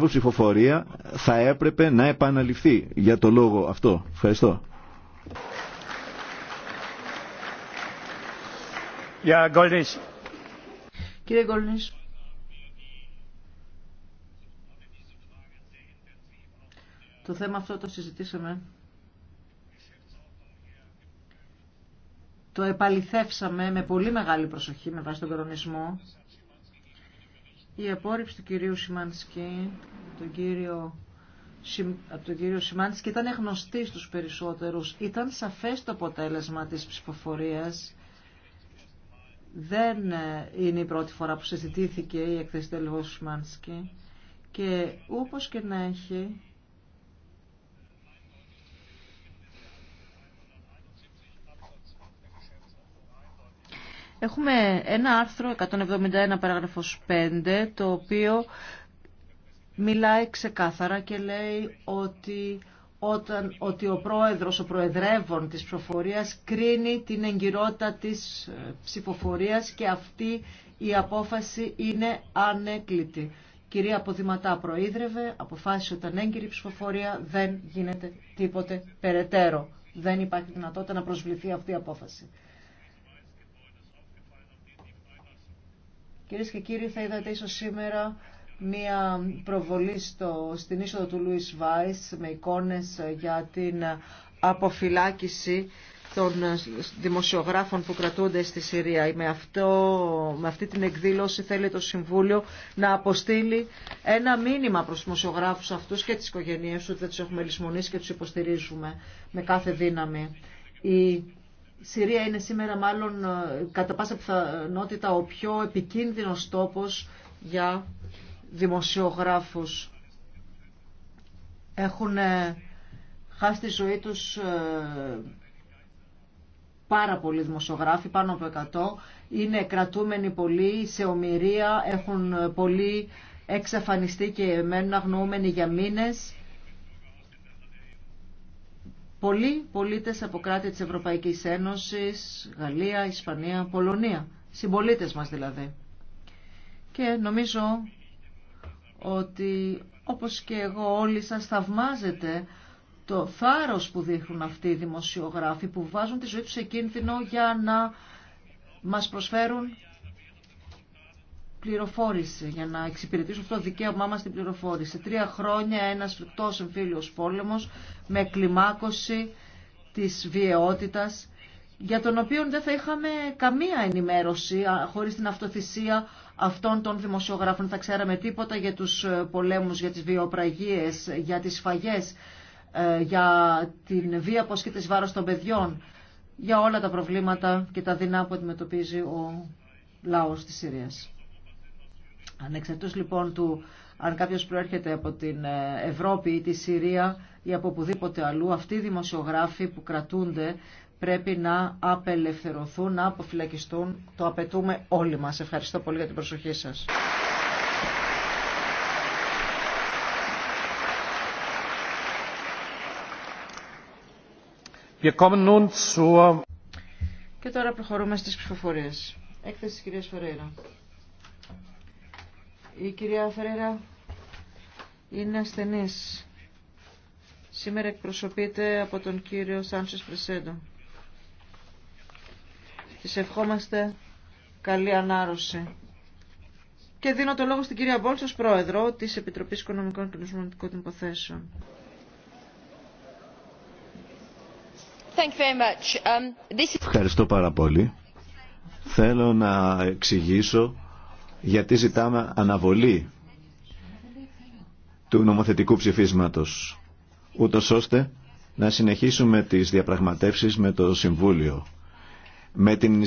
η ψηφοφορία θα έπρεπε να επαναληφθεί για το λόγο αυτό. Ευχαριστώ. Yeah, Κύριε Γκόλνης, το θέμα αυτό το συζητήσαμε. Το επαληθεύσαμε με πολύ μεγάλη προσοχή με βάση τον κορονισμό η απόρριψη του κυρίου Σιμανσκή, τον κύριο από τον κύριο Σιμάνσκι ήταν γνωστή στους περισσότερους. Ήταν σαφές το αποτέλεσμα της ψηφοφορίας. Δεν ε, είναι η πρώτη φορά που συζητήθηκε η εκθέση του Σιμάνσκι. Και όπως και να έχει, Έχουμε ένα άρθρο 171 παράγραφος 5 το οποίο μιλάει ξεκάθαρα και λέει ότι όταν, ότι ο πρόεδρος, ο προεδρεύων της προφορίας κρίνει την εγκυρότητα της ε, ψηφοφορίας και αυτή η απόφαση είναι ανέκλητη. Κυρία Αποδηματά προείδρευε, αποφάσισε ότι ανέγκυρη ψηφοφορία δεν γίνεται τίποτε περαιτέρω. Δεν υπάρχει δυνατότητα να προσβληθεί αυτή η απόφαση. Κυρίε και κύριοι, θα είδατε ίσω σήμερα μία προβολή στο, στην είσοδο του Λούις Βάις με εικόνες για την αποφυλάκηση των δημοσιογράφων που κρατούνται στη Συρία. Με, αυτό, με αυτή την εκδήλωση θέλει το Συμβούλιο να αποστείλει ένα μήνυμα προς τους δημοσιογράφους αυτούς και τις οικογένειές τους, δεν τους έχουμε λησμονήσει και τους υποστηρίζουμε με κάθε δύναμη. Η Συρία είναι σήμερα μάλλον ε, κατά πάσα πιθανότητα ο πιο επικίνδυνος τόπος για δημοσιογράφους. Έχουν ε, χάσει τη ζωή τους ε, πάρα πολλοί δημοσιογράφοι, πάνω από 100. Είναι κρατούμενοι πολλοί, σε ομοιρία, έχουν πολλοί εξαφανιστεί και μένουν αγνοούμενοι για μήνες πολλοί πολίτες από κράτη της Ευρωπαϊκής Ένωσης, Γαλλία, Ισπανία, Πολωνία, συμπολίτες μας δηλαδή. Και νομίζω ότι όπως και εγώ όλοι σας θαυμάζετε το θάρρος που δείχνουν αυτοί οι δημοσιογράφοι που βάζουν τη ζωή τους σε κίνδυνο για να μας προσφέρουν πληροφόρηση, για να εξυπηρετήσω αυτό το δικαίωμά μας στην πληροφόρηση. Τρία χρόνια ένας φρικτός εμφύλιος πόλεμος με κλιμάκωση της βιαιότητας, για τον οποίο δεν θα είχαμε καμία ενημέρωση χωρίς την αυτοθυσία αυτών των δημοσιογράφων. Θα ξέραμε τίποτα για τους ε, πολέμους, για τις βιοπραγίες, για τις φαγές, ε, για την βία που ασκείται βάρος των παιδιών, για όλα τα προβλήματα και τα δεινά που αντιμετωπίζει ο λαός της Συρίας. Ανεξαρτήτως λοιπόν του αν κάποιος προέρχεται από την ε, Ευρώπη ή τη Συρία ή από οπουδήποτε αλλού, αυτοί οι δημοσιογράφοι που κρατούνται πρέπει να απελευθερωθούν, να αποφυλακιστούν. Το απαιτούμε όλοι μας. Ευχαριστώ πολύ για την προσοχή σας. Και τώρα προχωρούμε στις ψηφοφορίες. Έκθεση της κυρίας η κυρία Φερέρα είναι ασθενής. Σήμερα εκπροσωπείται από τον κύριο Σάνσες Πρεσέντο. Της ευχόμαστε καλή ανάρρωση. Και δίνω το λόγο στην κυρία Μπόλτσο, πρόεδρο της Επιτροπή Οικονομικών και Νομισματικών Υποθέσεων. Um, Ευχαριστώ πάρα πολύ. Θέλω να εξηγήσω γιατί ζητάμε αναβολή του νομοθετικού ψηφίσματος, ούτω ώστε να συνεχίσουμε τις διαπραγματεύσεις με το Συμβούλιο, με την